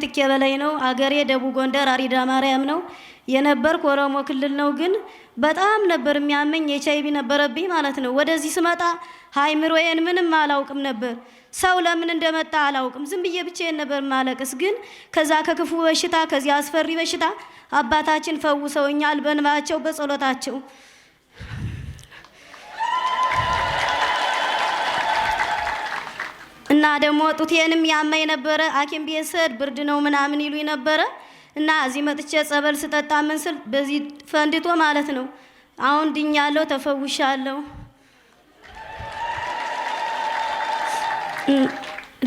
ምትክ በላይ ነው። አገሬ ደቡብ ጎንደር አሪዳ ማርያም ነው የነበርኩ ኦሮሞ ክልል ነው። ግን በጣም ነበር የሚያመኝ ኤች አይቪ ነበረብኝ ማለት ነው። ወደዚህ ስመጣ ሀይምሮዬን ምንም አላውቅም ነበር። ሰው ለምን እንደመጣ አላውቅም። ዝም ብዬ ብቻዬን ነበር ማለቅስ። ግን ከዛ ከክፉ በሽታ ከዚህ አስፈሪ በሽታ አባታችን ፈውሰውኛል በእንባቸው በጸሎታቸው እና ደግሞ ጡቴንም ያመኝ ነበረ። ሐኪም ቤት ስሄድ ብርድ ነው ምናምን ይሉኝ ነበረ እና እዚህ መጥቼ ጸበል ስጠጣ ምን ስል በዚህ ፈንድቶ ማለት ነው። አሁን ድኛለሁ፣ ተፈውሻለሁ።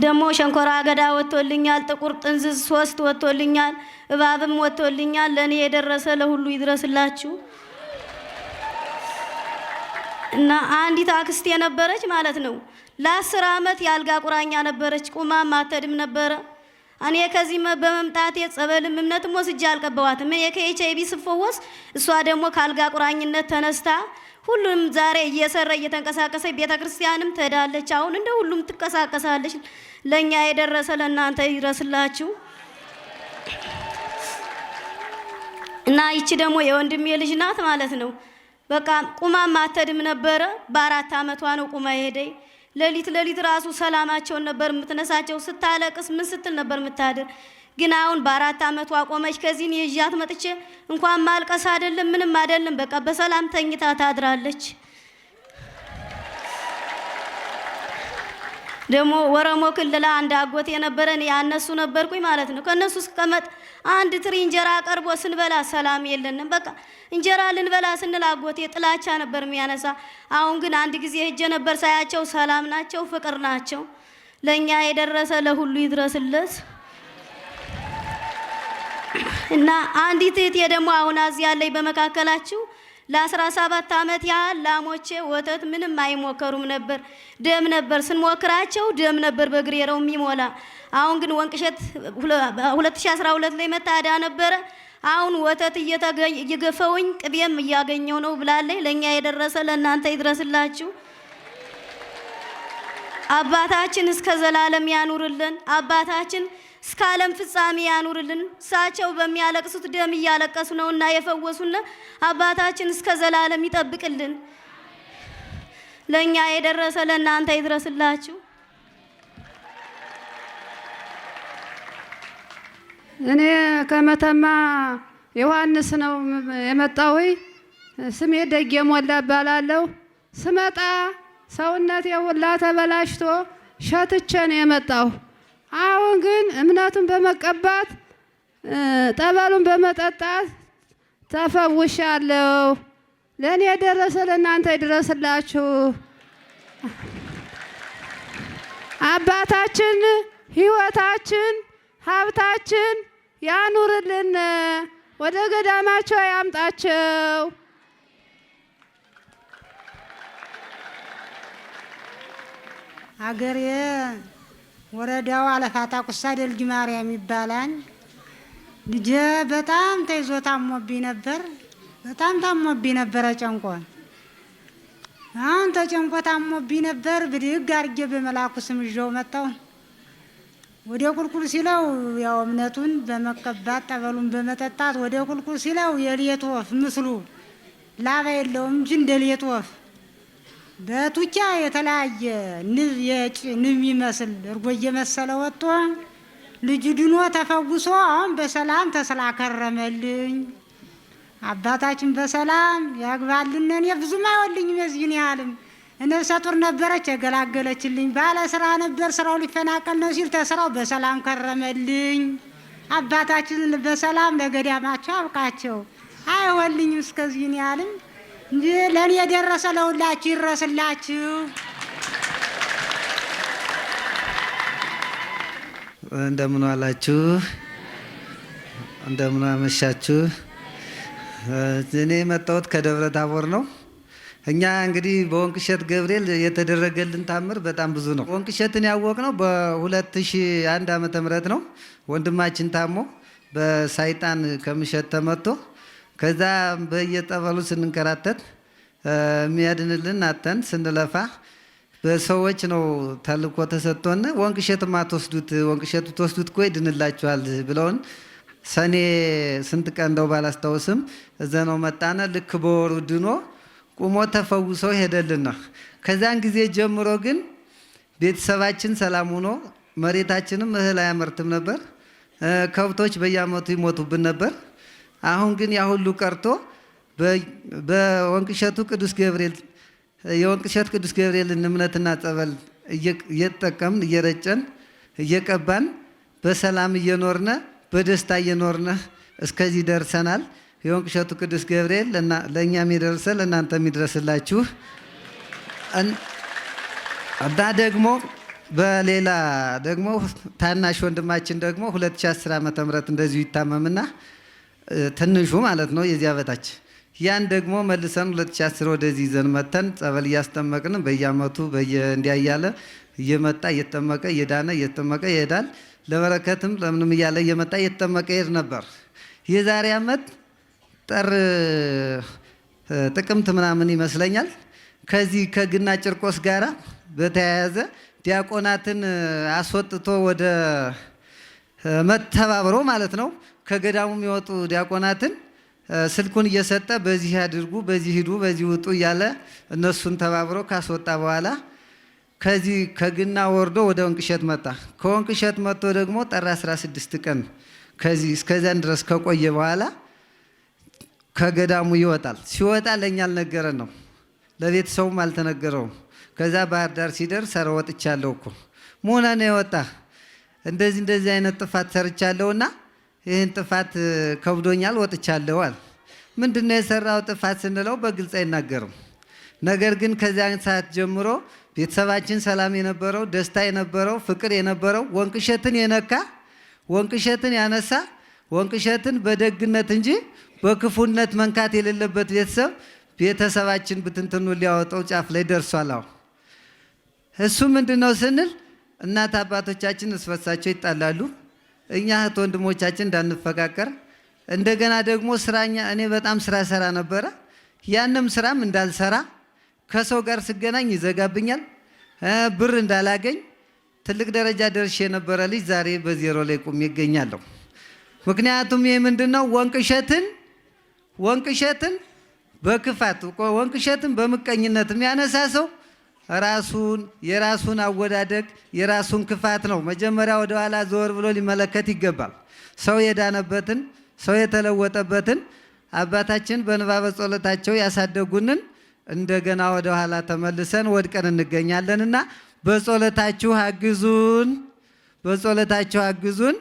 ደግሞ ሸንኮራ አገዳ ወጥቶልኛል፣ ጥቁር ጥንዝዝ ሶስት ወጥቶልኛል፣ እባብም ወጥቶልኛል። ለእኔ የደረሰ ለሁሉ ይድረስላችሁ። እና አንዲት አክስት የነበረች ማለት ነው ለአስር ዓመት የአልጋ ቁራኛ ነበረች። ቁማም አተድም ነበረ። እኔ ከዚህ በመምጣቴ ጸበልም እምነትም ወስጄ አልቀበዋትም። እኔ ከኤች አይቪ ስፈወስ እሷ ደግሞ ከአልጋ ቁራኝነት ተነስታ ሁሉም ዛሬ እየሰራ እየተንቀሳቀሰ ቤተ ክርስቲያንም ትሄዳለች። አሁን እንደ ሁሉም ትንቀሳቀሳለች። ለእኛ የደረሰ ለእናንተ ይድረስላችሁ እና ይቺ ደግሞ የወንድሜ ልጅ ናት ማለት ነው በቃ ቁማ ማተድም ነበረ። በአራት አመቷ ነው ቁማ ሄደኝ ሌሊት ሌሊት ራሱ ሰላማቸውን ነበር የምትነሳቸው። ስታለቅስ ምን ስትል ነበር የምታድር። ግን አሁን በአራት አመቷ ቆመች። ከዚህን ይዣት መጥቼ እንኳን ማልቀስ አይደለም ምንም አይደለም፣ በቃ በሰላም ተኝታ ታድራለች። ደግሞ ወረሞ ክልላ አንድ አጎቴ ነበረን ያነሱ ነበርኩኝ ማለት ነው ከእነሱ ስቀመጥ አንድ ትሪ እንጀራ ቀርቦ ስንበላ ሰላም የለንም። በቃ እንጀራ ልንበላ ስንል አጎቴ ጥላቻ ነበር የሚያነሳ። አሁን ግን አንድ ጊዜ ሄጄ ነበር ሳያቸው፣ ሰላም ናቸው፣ ፍቅር ናቸው። ለእኛ የደረሰ ለሁሉ ይድረስለት እና አንዲት እህቴ ደግሞ አሁን አዚ በመካከላችሁ ለ17 ዓመት ያህል ላሞቼ ወተት ምንም አይሞከሩም ነበር። ደም ነበር ስንሞክራቸው ደም ነበር በግሬረው የሚሞላ። አሁን ግን ወንቅሸት 2012 ላይ መታዳ ነበረ። አሁን ወተት እየገፈውኝ ቅቤም እያገኘው ነው ብላለኝ። ለእኛ የደረሰ ለእናንተ ይድረስላችሁ። አባታችን እስከ ዘላለም ያኑርልን። አባታችን እስከ ዓለም ፍጻሜ ያኑርልን። እሳቸው በሚያለቅሱት ደም እያለቀሱ ነውና የፈወሱና አባታችን እስከ ዘላለም ይጠብቅልን። ለእኛ የደረሰ ለእናንተ ይድረስላችሁ። እኔ ከመተማ ዮሐንስ ነው የመጣሁ። ስሜ ደጌ ሞላ እባላለሁ። ስመጣ ሰውነቴ ሁላ ተበላሽቶ ሸትቼ ነው የመጣሁ። አሁን ግን እምነቱን በመቀባት ጠበሉን በመጠጣት ተፈውሻለሁ። ለእኔ የደረሰ ለእናንተ ይድረስላችሁ። አባታችን ሕይወታችን ሀብታችን ያኑርልን። ወደ ገዳማቸው ያምጣቸው። አገሬ ወረዳው አለፋታ ቁሳ ደልጅ ማርያም ይባላል። ልጄ በጣም ተይዞ ታሞቢ ነበር። በጣም ታሞቢ ነበረ። ጨንቆ አሁን ተጨንቆ ታሞቢ ነበር። ብድግ አርጌ በመላኩ ስም ይዤው መጣሁ። ወደ ቁልቁል ሲለው ያው እምነቱን በመቀባት ጠበሉን በመጠጣት ወደ ቁልቁል ሲለው የሌት ወፍ ምስሉ ላባ የለውም እንጂ እንደ ሌት ወፍ በቱቻ የተለያየ ንብ ንብ የሚመስል እርጎ እየመሰለ ወጥቶ ልጅ ድኖ ተፈውሶ አሁን በሰላም ተስላከረመልኝ አባታችን በሰላም ያግባልን። እኔ ብዙም አይወልኝም የዚህን ያህልም ነፍሰ ጡር ነበረች የገላገለችልኝ። ባለ ስራ ነበር ስራው ሊፈናቀል ነው ሲል ተስራው በሰላም ከረመልኝ። አባታችን በሰላም ለገዳማቸው አብቃቸው። አይወልኝም እስከዚህን ያህልም እንጂ ለእኔ የደረሰ ለሁላችሁ ይረስላችሁ። እንደምን አላችሁ? እንደምን አመሻችሁ? እኔ የመጣሁት ከደብረ ታቦር ነው። እኛ እንግዲህ በወንቅሸት ገብርኤል የተደረገልን ታምር በጣም ብዙ ነው። ወንቅሸትን ያወቅነው በ2001 ም ነው። ወንድማችን ታሞ በሳይጣን ከምሸት ተመቶ ከዛ በየጠበሉ ስንንከራተት የሚያድንልን አተን ስንለፋ በሰዎች ነው ተልኮ ተሰጥቶን ወንቅ እሸትማ ትወስዱት ተወስዱት ትወስዱት እኮ ይድንላችኋል ብለውን ሰኔ ስንት ቀን እንደው ባላስታውስም ነው መጣነ። ልክ በወሩ ድኖ ቁሞ ተፈውሶ ሄደልን ከዛን ጊዜ ጀምሮ ግን ቤተሰባችን ሰላም ሆኖ መሬታችንም እህል አያመርትም ነበር። ከብቶች በየአመቱ ይሞቱብን ነበር። አሁን ግን ያ ሁሉ ቀርቶ በወንቅሸቱ ቅዱስ ገብርኤል የወንቅሸት ቅዱስ ገብርኤልን እምነትና ጸበል እየተጠቀምን እየረጨን እየቀባን በሰላም እየኖርነ በደስታ እየኖርነ እስከዚህ ደርሰናል። የወንቅሸቱ ቅዱስ ገብርኤል ለእኛም የደርሰ ለእናንተ የሚደረስላችሁ እና ደግሞ በሌላ ደግሞ ታናሽ ወንድማችን ደግሞ 2010 ዓ ም እንደዚሁ ይታመምና ትንሹ ማለት ነው የዚያ በታች ያን ደግሞ መልሰን 2010 ወደዚህ ይዘን መተን ጸበል እያስጠመቅን በየአመቱ እንዲያ እያለ እየመጣ እየተጠመቀ እየዳነ እየተጠመቀ ይሄዳል። ለበረከትም ለምንም እያለ እየመጣ እየተጠመቀ ይሄድ ነበር። የዛሬ አመት ጥር ጥቅምት ምናምን ይመስለኛል ከዚህ ከግና ጭርቆስ ጋር በተያያዘ ዲያቆናትን አስወጥቶ ወደ መተባብሮ ማለት ነው ከገዳሙ የሚወጡ ዲያቆናትን ስልኩን እየሰጠ በዚህ አድርጉ፣ በዚህ ሂዱ፣ በዚህ ውጡ እያለ እነሱን ተባብሮ ካስወጣ በኋላ ከዚህ ከግና ወርዶ ወደ ወንቅሸት መጣ። ከወንቅሸት መጥቶ ደግሞ ጥር 16 ቀን ከዚህ እስከዚያን ድረስ ከቆየ በኋላ ከገዳሙ ይወጣል። ሲወጣ ለእኛ አልነገረን ነው፣ ለቤተሰቡም አልተነገረውም። ከዛ ባህር ዳር ሲደርስ ሰረ ወጥቻለሁ እኮ መሆና ነው የወጣ እንደዚህ እንደዚህ አይነት ጥፋት ሰርቻለሁና ይህን ጥፋት ከብዶኛል ወጥቻለዋል። ምንድን ምንድነው የሰራው ጥፋት ስንለው በግልጽ አይናገርም። ነገር ግን ከዚያን ሰዓት ጀምሮ ቤተሰባችን ሰላም የነበረው ደስታ የነበረው ፍቅር የነበረው ወንቅሸትን የነካ ወንቅሸትን ያነሳ ወንቅሸትን በደግነት እንጂ በክፉነት መንካት የሌለበት ቤተሰብ ቤተሰባችን ብትንትኑ ሊያወጣው ጫፍ ላይ ደርሷል። አሁ እሱ ምንድን ነው ስንል እናት አባቶቻችን እስፈሳቸው ይጣላሉ። እኛ እህት ወንድሞቻችን እንዳንፈቃቀር እንደገና ደግሞ ስራኛ እኔ በጣም ስራ ሰራ ነበረ። ያንም ስራም እንዳልሰራ ከሰው ጋር ስገናኝ ይዘጋብኛል፣ ብር እንዳላገኝ ትልቅ ደረጃ ደርሼ የነበረ ልጅ ዛሬ በዜሮ ላይ ቁም ይገኛለሁ። ምክንያቱም ይህ ምንድን ነው? ወንቅሸትን ወንቅሸትን በክፋት ወንቅሸትን በምቀኝነት የሚያነሳ ሰው ራሱን የራሱን አወዳደግ የራሱን ክፋት ነው። መጀመሪያ ወደ ኋላ ዞር ብሎ ሊመለከት ይገባል። ሰው የዳነበትን ሰው የተለወጠበትን አባታችን በንባበ ጸሎታቸው ያሳደጉንን እንደገና ወደ ኋላ ተመልሰን ወድቀን እንገኛለንና በጸሎታችሁ አግዙን፣ በጸሎታችሁ አግዙን።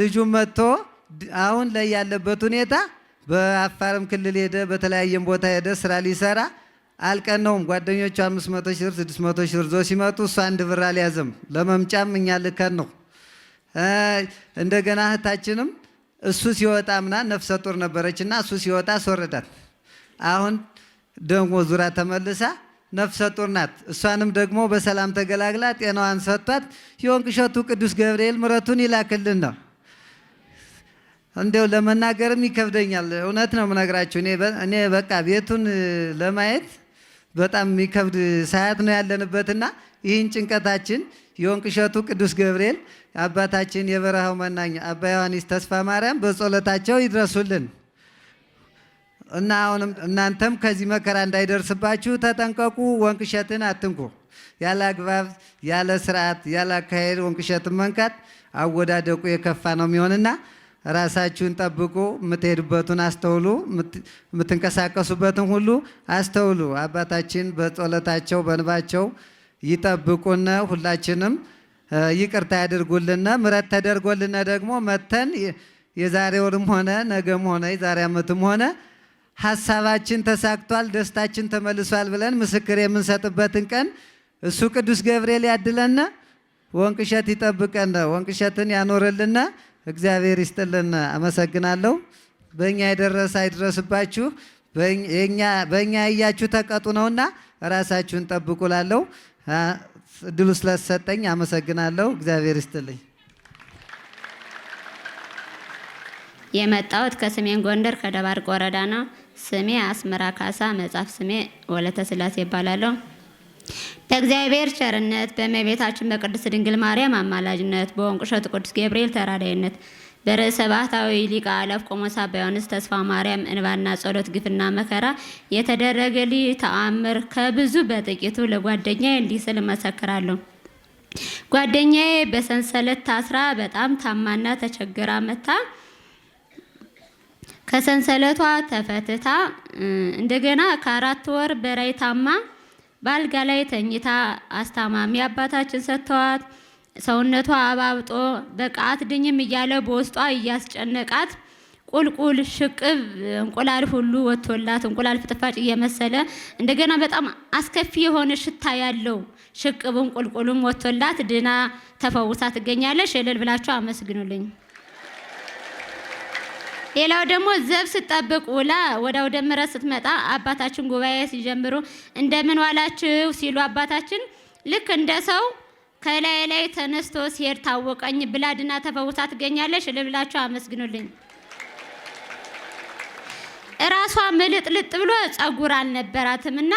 ልጁ መጥቶ አሁን ላይ ያለበት ሁኔታ በአፋርም ክልል ሄደ፣ በተለያየም ቦታ ሄደ ስራ ሊሰራ አልቀነውም። ጓደኞቹ አምስት መቶ ሺህ ብር ስድስት መቶ ሺህ ብር ዞ ሲመጡ እሱ አንድ ብር አልያዘም። ለመምጫም እኛ ልከን ነው። እንደገና እህታችንም እሱ ሲወጣ ምና ነፍሰ ጡር ነበረች እና እሱ ሲወጣ አስወረዳት። አሁን ደግሞ ዙራ ተመልሳ ነፍሰ ጡር ናት። እሷንም ደግሞ በሰላም ተገላግላ ጤናዋን ሰጥቷት የወንቅ እሸቱ ቅዱስ ገብርኤል ምረቱን ይላክልን ነው። እንዲው ለመናገርም ይከብደኛል። እውነት ነው የምነግራችሁ። እኔ በቃ ቤቱን ለማየት በጣም የሚከብድ ሰዓት ነው ያለንበትና ይህን ጭንቀታችን የወንቅ እሸቱ ቅዱስ ገብርኤል አባታችን የበረሃው መናኛ አባ ዮሐንስ ተስፋ ማርያም በጸሎታቸው ይድረሱልን እና አሁንም እናንተም ከዚህ መከራ እንዳይደርስባችሁ ተጠንቀቁ። ወንቅ እሸትን አትንኩ። ያለ አግባብ፣ ያለ ስርዓት፣ ያለ አካሄድ ወንቅ እሸትን መንካት አወዳደቁ የከፋ ነው የሚሆንና ራሳችሁን ጠብቁ፣ የምትሄዱበትን አስተውሉ፣ የምትንቀሳቀሱበትን ሁሉ አስተውሉ። አባታችን በጸሎታቸው በንባቸው ይጠብቁን፣ ሁላችንም ይቅርታ ያድርጉልን። ምረት ተደርጎልን ደግሞ መተን የዛሬውንም ሆነ ነገም ሆነ የዛሬ ዓመትም ሆነ ሀሳባችን ተሳክቷል፣ ደስታችን ተመልሷል ብለን ምስክር የምንሰጥበትን ቀን እሱ ቅዱስ ገብርኤል ያድለና ወንቅ እሸት ይጠብቀን፣ ወንቅ እሸትን ያኖርልና እግዚአብሔር ይስጥልን። አመሰግናለሁ። በእኛ የደረሰ አይድረስባችሁ። በእኛ እያችሁ ተቀጡ ነውና ራሳችሁን ጠብቁ። ላለው እድሉ ስለተሰጠኝ አመሰግናለሁ። እግዚአብሔር ይስጥልኝ። የመጣሁት ከሰሜን ጎንደር ከደባርቅ ወረዳ ነው። ስሜ አስመራ ካሳ፣ መጽሐፍ ስሜ ወለተ ስላሴ ይባላለሁ። በእግዚአብሔር ቸርነት በእመቤታችን በቅድስት ድንግል ማርያም አማላጅነት በወንቅ እሸቱ ቅዱስ ገብርኤል ተራዳይነት በርዕሰ ባህታዊ ሊቀ አእላፍ ቆሞስ አባ ዮሐንስ ተስፋ ማርያም እንባና ጸሎት ግፍና መከራ የተደረገልኝ ተአምር ከብዙ በጥቂቱ ለጓደኛዬ እንዲህ ስል እመሰክራለሁ። ጓደኛዬ በሰንሰለት ታስራ በጣም ታማና ተቸግራ መታ ከሰንሰለቷ ተፈትታ እንደገና ከአራት ወር በላይ ታማ በአልጋ ላይ ተኝታ አስታማሚ አባታችን ሰጥተዋት ሰውነቷ አባብጦ በቃ አትድኝም እያለ በውስጧ እያስጨነቃት ቁልቁል ሽቅብ እንቁላል ሁሉ ወጥቶላት እንቁላል ፍጥፋጭ እየመሰለ እንደገና በጣም አስከፊ የሆነ ሽታ ያለው ሽቅብም ቁልቁሉም ወጥቶላት ድና ተፈውሳ ትገኛለች። እልል ብላችሁ አመስግኑልኝ። ሌላው ደግሞ ዘብ ስጠብቅ ውላ ወደ አውደ ምሕረት ስትመጣ አባታችን ጉባኤ ሲጀምሩ እንደምን ዋላችሁ ሲሉ አባታችን ልክ እንደ ሰው ከላይ ላይ ተነስቶ ሲሄድ ታወቀኝ ብላ ድና ተፈውሳ ትገኛለች። ልብላችሁ አመስግኑልኝ። እራሷ ምልጥልጥ ብሎ ጸጉር አልነበራትም እና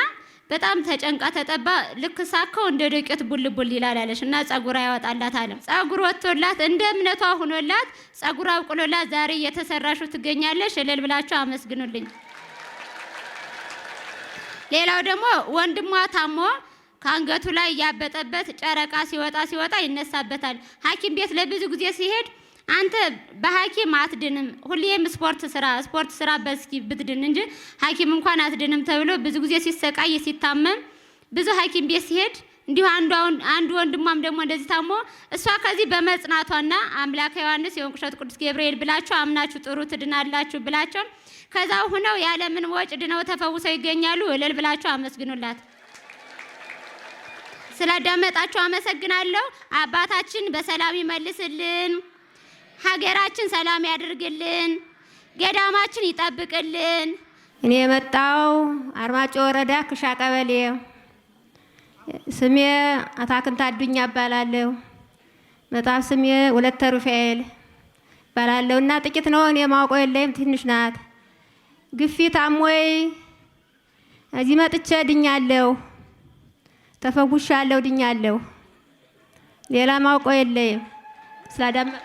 በጣም ተጨንቃ ተጠባ ልክ ሳከው እንደ ዶቄት ቡልቡል ይላል እና ጸጉር ያወጣላት አለ ጸጉር ወጥቶላት እንደ እምነቷ ሆኖላት ጸጉር አብቅሎላት ዛሬ እየተሰራሹ ትገኛለሽ። እልል ብላችሁ አመስግኑልኝ። ሌላው ደግሞ ወንድሟ ታሞ ከአንገቱ ላይ ያበጠበት ጨረቃ ሲወጣ ሲወጣ ይነሳበታል። ሐኪም ቤት ለብዙ ጊዜ ሲሄድ አንተ በሐኪም አትድንም። ሁሌም ስፖርት ስራ ስፖርት ስራ በስኪ ብትድን እንጂ ሐኪም እንኳን አትድንም ተብሎ ብዙ ጊዜ ሲሰቃይ ሲታመም ብዙ ሐኪም ቤት ሲሄድ እንዲሁ አንዱ ወንድሟም ደግሞ እንደዚህ ታሞ እሷ ከዚህ በመጽናቷና አምላከ ዮሐንስ የወንቅ እሸት ቅዱስ ገብርኤል ብላችሁ አምናችሁ ጥሩ ትድናላችሁ ብላቸው ከዛ ሁነው ያለምን ወጭ ድነው ተፈውሰው ይገኛሉ። እልል ብላችሁ አመስግኑላት። ስላዳመጣችሁ አመሰግናለሁ። አባታችን በሰላም ይመልስልን። ሀገራችን ሰላም ያድርግልን፣ ገዳማችን ይጠብቅልን። እኔ የመጣው አርማጮ ወረዳ ክሻ ቀበሌ፣ ስሜ አታክንታ አዱኛ እባላለሁ። መጣፍ ስሜ ወለተ ሩፋኤል እባላለሁ እና ጥቂት ነው እኔ ማውቀው የለይም፣ ትንሽ ናት። ግፊት አሞይ እዚህ መጥቼ ድኛለሁ፣ ድኛ ድኛለሁ። ሌላ ማውቀው የለይም ስላዳመጠ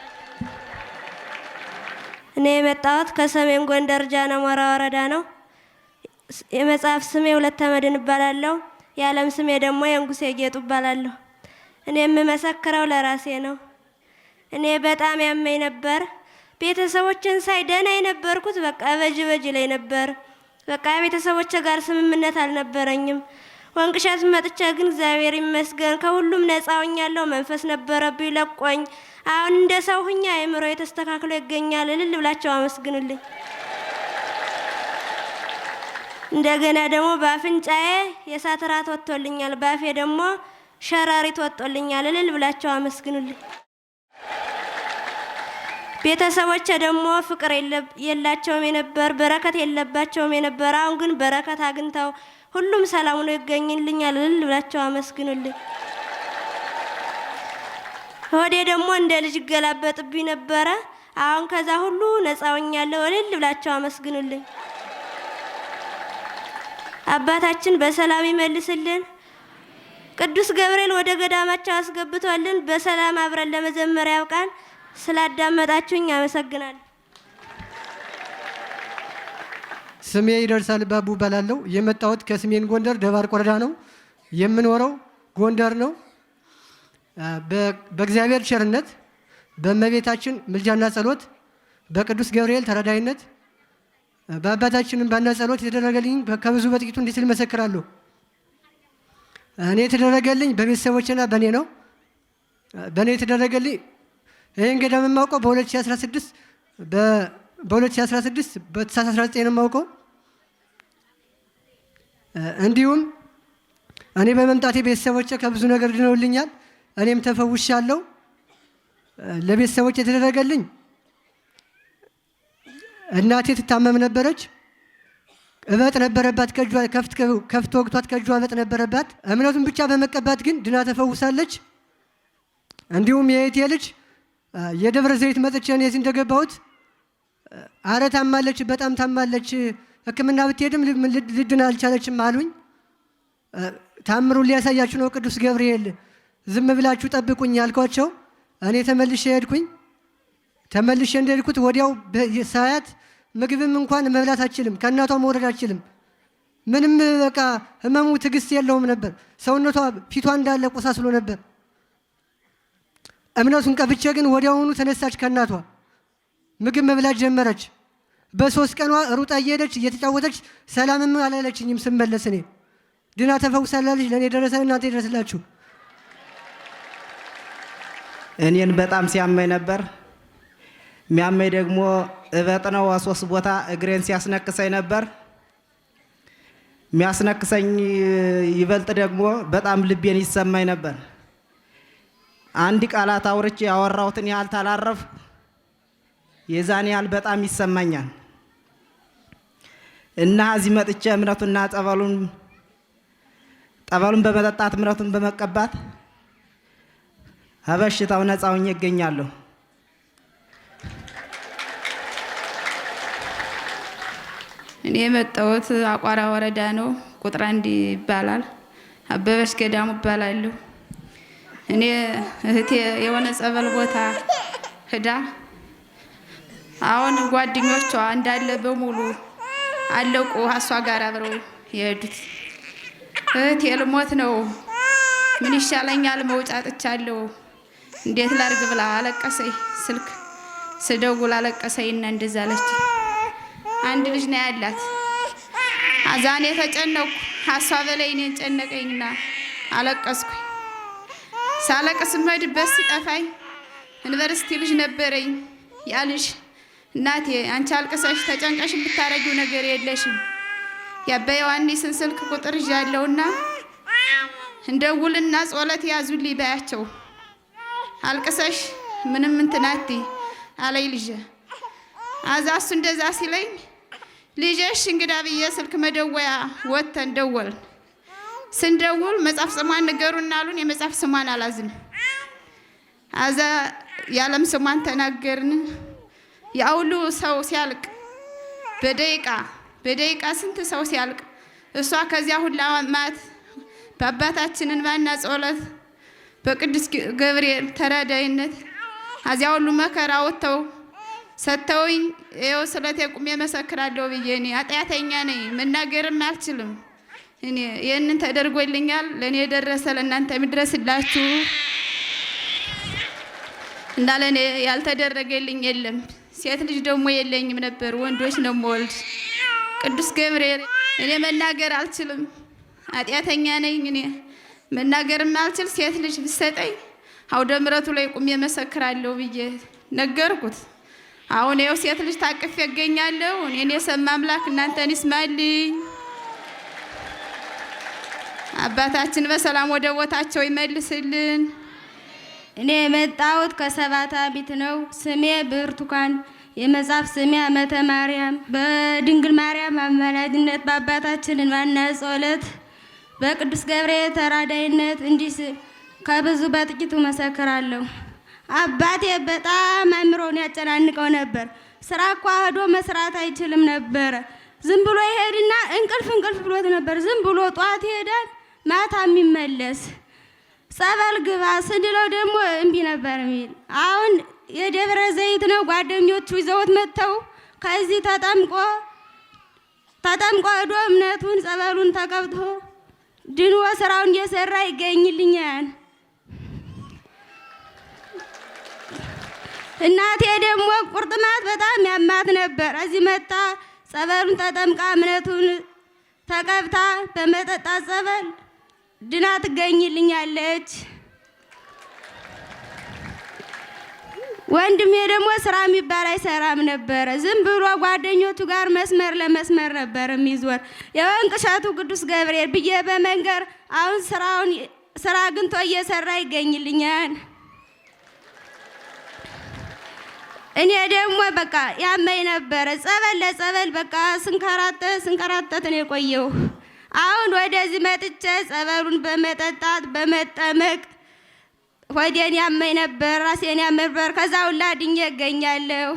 እኔ የመጣሁት ከሰሜን ጎንደር ጃነሞራ ወረዳ ነው። የመጽሐፍ ስሜ ሁለት ተመድን እባላለሁ። የዓለም ስሜ ደግሞ የንጉሴ ጌጡ እባላለሁ። እኔ የምመሰክረው ለራሴ ነው። እኔ በጣም ያመኝ ነበር። ቤተሰቦችን ሳይ ደህና የነበርኩት በቃ በጅ በጅ ላይ ነበር። በቃ ቤተሰቦች ጋር ስምምነት አልነበረኝም። ወንቅሸት መጥቼ ግን እግዚአብሔር ይመስገን ከሁሉም ነፃ ሆኛለሁ። መንፈስ ነበረብኝ ለቆኝ አሁን እንደ ሰው ሁኛ አእምሮ የተስተካክሎ ይገኛል። እልል ብላቸው አመስግኑልኝ። እንደገና ደግሞ በአፍንጫዬ የእሳት ራት ወጥቶልኛል፣ በአፌ ደግሞ ሸረሪት ወጥቶልኛል። እልል ብላቸው አመስግኑልኝ። ቤተሰቦቼ ደግሞ ፍቅር የላቸውም የነበር በረከት የለባቸውም የነበር፣ አሁን ግን በረከት አግኝተው ሁሉም ሰላም ነው ይገኝልኛል። እልል ብላቸው አመስግኑልኝ። ሆዴ ደግሞ እንደ ልጅ ይገላበጥብኝ ነበረ። አሁን ከዛ ሁሉ ነፃ ሆኛለሁ። እልል ብላቸው አመስግኑልኝ። አባታችን በሰላም ይመልስልን። ቅዱስ ገብርኤል ወደ ገዳማቸው አስገብቷልን በሰላም አብረን ለመዘመር ያብቃን። ስላዳመጣችሁኝ አመሰግናለሁ። ስሜ ይደርሳል ባቡ እባላለሁ። የመጣሁት ከሰሜን ጎንደር ደባርቅ ወረዳ ነው። የምኖረው ጎንደር ነው። በእግዚአብሔር ቸርነት በእመቤታችን ምልጃና ጸሎት በቅዱስ ገብርኤል ተረዳይነት በአባታችንም ባና ጸሎት የተደረገልኝ ከብዙ በጥቂቱ እንዲህ ስል መሰክራለሁ። እኔ የተደረገልኝ በቤተሰቦችና በእኔ ነው። በእኔ የተደረገልኝ ይህን እንገዳ የማውቀው በ2016 በ2016 በተሳሳት 19 የማውቀው እንዲሁም እኔ በመምጣቴ ቤተሰቦቼ ከብዙ ነገር ድነውልኛል። እኔም ተፈውሻለሁ። ለቤተሰቦች የተደረገልኝ እናቴ ትታመም ነበረች። እበጥ ነበረባት፣ ከፍት ወቅቷት ከእጇ እበጥ ነበረባት። እምነቱን ብቻ በመቀባት ግን ድና ተፈውሳለች። እንዲሁም የእህቴ ልጅ የደብረ ዘይት መጥቼ እኔ እዚህ እንደገባሁት አረ ታማለች፣ በጣም ታማለች፣ ህክምና ብትሄድም ልድና አልቻለችም አሉኝ። ታምሩን ሊያሳያችሁ ነው ቅዱስ ገብርኤል ዝም ብላችሁ ጠብቁኝ ያልኳቸው፣ እኔ ተመልሼ ሄድኩኝ። ተመልሼ እንደሄድኩት ወዲያው ሳያት ምግብም እንኳን መብላት አችልም፣ ከእናቷ መውረድ አችልም። ምንም በቃ ህመሙ ትዕግስት የለውም ነበር። ሰውነቷ ፊቷ እንዳለ ቆሳስሎ ነበር። እምነቱን ቀብቼ ግን ወዲያውኑ ተነሳች ከእናቷ ምግብ መብላት ጀመረች። በሶስት ቀኗ ሩጣ እየሄደች እየተጫወተች ሰላምም አላለችኝም። ስመለስ እኔ ድና ተፈውሳላለች። ለእኔ ደረሰ፣ እናንተ ይደረስላችሁ። እኔን በጣም ሲያመኝ ነበር። የሚያመኝ ደግሞ እበጥነው ሶስት ቦታ እግሬን ሲያስነክሰኝ ነበር። የሚያስነክሰኝ ይበልጥ ደግሞ በጣም ልቤን ይሰማኝ ነበር። አንድ ቃላት አውርቼ ያወራሁትን ያህል ታላረፍ የዛን ያህል በጣም ይሰማኛል እና እዚህ መጥቼ እምነቱና ጠበሉን ጠበሉን በመጠጣት እምነቱን በመቀባት ከበሽታው ነፃ ሆኜ እገኛለሁ። እኔ የመጣሁት አቋራ ወረዳ ነው። ቁጥር አንድ ይባላል። አበበች ገዳሙ እባላለሁ። እኔ እህቴ የሆነ ጸበል ቦታ ህዳ አሁን ጓደኞቿ እንዳለ በሙሉ አለቁ። እሷ ጋር አብረው የሄዱት እህቴ ልሞት ነው፣ ምን ይሻለኛል? መውጫ አጥቻለሁ እንዴት ላርግ ብላ አለቀሰኝ። ስልክ ስደውል አለቀሰኝ እና እንደዛ አለች። አንድ ልጅ ነው ያላት። አዛኔ ተጨነቅኩ። ሀሷ በላይ እኔን ጨነቀኝና አለቀስኩኝ። ሳለቀስ መድበት ሲጠፋኝ ዩኒቨርሲቲ ልጅ ነበረኝ። ያ ልጅ እናቴ አንቺ አልቅሰሽ ተጨንቀሽ ብታረጊው ነገር የለሽም የአባ ዮሐንስን ስልክ ቁጥር ይዣለሁና እንደውልና ጸሎት ያዙልኝ በያቸው አልቅሰሽ ምንም እንትን አትይ አለኝ ልጄ። አዛ እሱ እንደዛ ሲለኝ ልጄሽ እንግዳ ብዬ ስልክ መደወያ ወጥተን ደወልን። ስንደውል መጽሐፍ ስሟን ንገሩና አሉን። የመጽሐፍ ስሟን አላዝን አዛ የዓለም ስሟን ተናገርን። ያውሉ ሰው ሲያልቅ በደቂቃ በደቂቃ ስንት ሰው ሲያልቅ እሷ ከዚያ ሁላ ማት በአባታችንን ማና ጸሎት በቅዱስ ገብርኤል ተራዳይነት አዚያ ሁሉ መከራ ወጥተው ሰጥተውኝ ይኸው ስለቴ ቁሜ መሰክራለሁ ብዬ እኔ ኃጢአተኛ ነኝ፣ መናገርም አልችልም። እኔ ይህንን ተደርጎልኛል። ለእኔ የደረሰ ለእናንተ የሚድረስላችሁ እና ለእኔ ያልተደረገልኝ የለም። ሴት ልጅ ደግሞ የለኝም ነበር፣ ወንዶች ነው የምወልድ። ቅዱስ ገብርኤል እኔ መናገር አልችልም፣ ኃጢአተኛ ነኝ እኔ መናገር አልችል ሴት ልጅ ብሰጠኝ አውደ ምረቱ ላይ ቁሜ መሰክራለሁ ብዬ ነገርኩት። አሁን ይኸው ሴት ልጅ ታቅፍ ያገኛለሁ። እኔን የሰማ አምላክ እናንተን ይስማልኝ። አባታችን በሰላም ወደ ቦታቸው ይመልስልን። እኔ የመጣሁት ከሰባታ ቤት ነው። ስሜ ብርቱካን የመጽሐፍ ስሜ አመተ ማርያም በድንግል ማርያም አማላጅነት በአባታችን ዋና ጸሎት በቅዱስ ገብርኤል ተራዳይነት እንዲህ ከብዙ በጥቂቱ መሰክራለሁ። አባቴ በጣም አእምሮን ያጨናንቀው ነበር። ስራ እኳ አህዶ መስራት አይችልም ነበረ። ዝም ብሎ ይሄድና እንቅልፍ እንቅልፍ ብሎት ነበር። ዝም ብሎ ጧት ይሄዳል፣ ማታ የሚመለስ ጸበል ግባ ስንለው ደግሞ እምቢ ነበር የሚል። አሁን የደብረ ዘይት ነው ጓደኞቹ ይዘውት መጥተው ከዚህ ተጠምቆ ተጠምቆ ሄዶ እምነቱን ጸበሉን ተቀብቶ ድንዋ ስራውን እየሰራ ይገኝልኛል። እናቴ ደግሞ ቁርጥማት በጣም ያማት ነበር። እዚህ መጣ ጸበሉን ተጠምቃ እምነቱን ተቀብታ በመጠጣት ጸበል ድና ትገኝልኛለች። ወንድሜ ደግሞ ስራ የሚባል አይሰራም ነበረ። ዝም ብሎ ጓደኞቹ ጋር መስመር ለመስመር ነበር የሚዞር። የወንቅ እሸቱ ቅዱስ ገብርኤል ብዬ በመንገር አሁን ስራውን ስራ አግኝቶ እየሰራ ይገኝልኛል። እኔ ደግሞ በቃ ያመኝ ነበረ። ጸበል ለጸበል በቃ ስንከራተት ስንከራተት ነው የቆየው። አሁን ወደዚህ መጥቼ ጸበሉን በመጠጣት በመጠመቅ ወዴን ያመኝ ነበር፣ ራሴን ያመኝ ነበር። ከዛ ሁላ ድኜ እገኛለሁ።